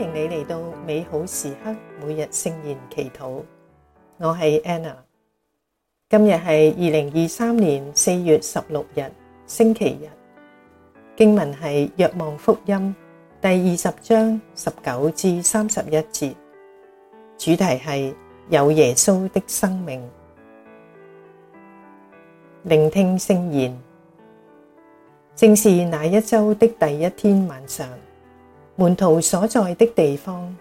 歡迎你嚟到美好時刻，每日聖言祈禱。我係 Anna，今日係二零二三年四月十六日星期日。經文係《若望福音》第二十章十九至三十一節，主題係有耶穌的生命。聆聽聖言，正是那一周的第一天晚上。門徒所在的地方，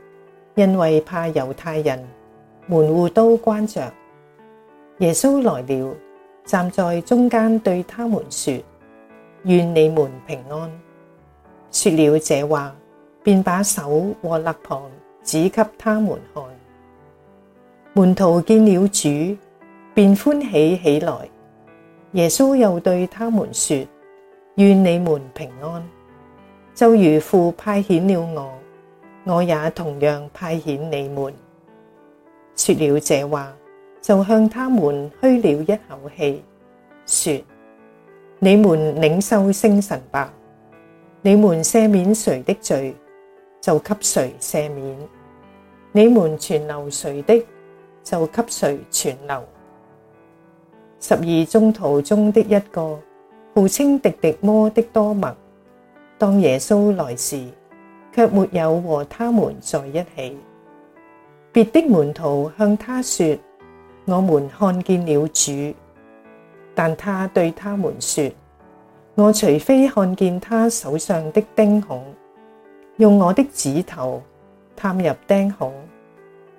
因為怕猶太人，門戶都關着。耶穌來了，站在中間對他們說：願你們平安。說了這話，便把手和肋膀指給他們看。門徒見了主，便歡喜起來。耶穌又對他們說：願你們平安。就如父派遣了我，我也同樣派遣你們。說了這話，就向他們噓了一口氣，說：你們領受聖神吧。你們赦免誰的罪，就給誰赦免；你們存留誰的，就給誰存留。十二宗徒中的一個，號稱狄狄摩的多默。當耶穌來時，卻沒有和他們在一起。別的門徒向他說：「我們看見了主。」但他對他們說：「我除非看見他手上的釘孔，用我的指頭探入釘孔，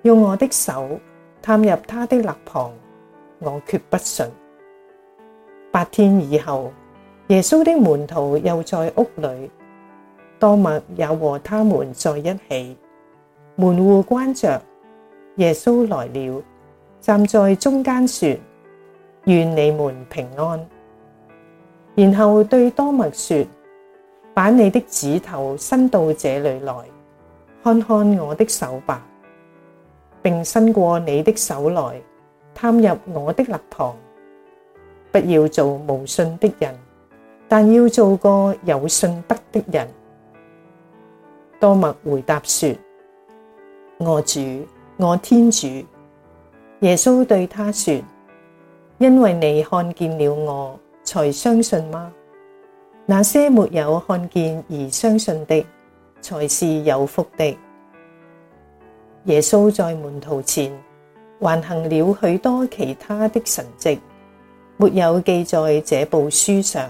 用我的手探入他的肋旁，我決不信。」八天以後。耶穌的門徒又在屋裏，多默也和他們在一起。門戶關着，耶穌來了，站在中間說：願你們平安。然後對多默說：把你的指頭伸到這裏來，看看我的手吧，並伸過你的手來，探入我的肋膀，不要做無信的人。但要做個有信德的人。多默回答說：我主，我天主。耶穌對他說：因為你看見了我，才相信嗎？那些沒有看見而相信的，才是有福的。耶穌在門徒前還行了許多其他的神蹟，沒有記在這部書上。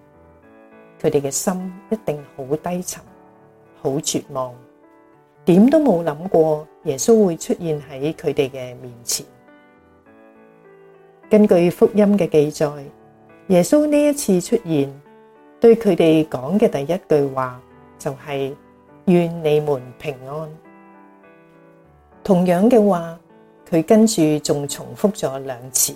佢哋嘅心一定好低沉，好絕望，點都冇諗過耶穌會出現喺佢哋嘅面前。根據福音嘅記載，耶穌呢一次出現，對佢哋講嘅第一句話就係願你們平安。同樣嘅話，佢跟住仲重複咗兩次。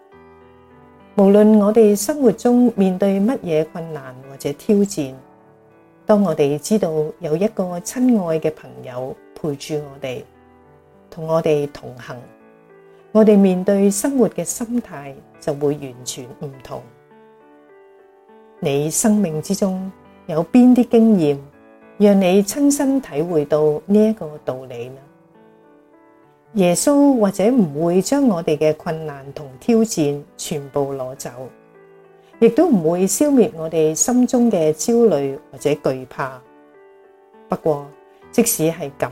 無論我哋生活中面對乜嘢困難或者挑戰，當我哋知道有一個親愛嘅朋友陪住我哋，同我哋同行，我哋面對生活嘅心態就會完全唔同。你生命之中有邊啲經驗，讓你親身體會到呢一個道理呢？耶穌或者唔會將我哋嘅困難同挑戰全部攞走，亦都唔會消滅我哋心中嘅焦慮或者懼怕。不過，即使係咁，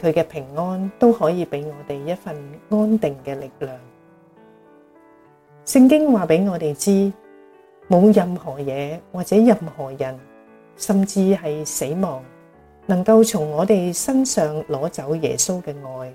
佢嘅平安都可以俾我哋一份安定嘅力量。聖經話俾我哋知，冇任何嘢，或者任何人，甚至係死亡，能夠從我哋身上攞走耶穌嘅愛。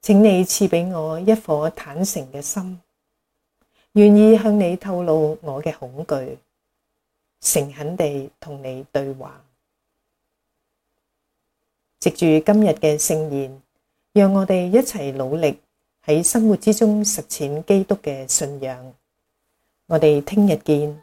請你賜俾我一顆坦誠嘅心，願意向你透露我嘅恐懼，誠懇地同你對話。藉住今日嘅聖言，讓我哋一齊努力喺生活之中實踐基督嘅信仰。我哋聽日見。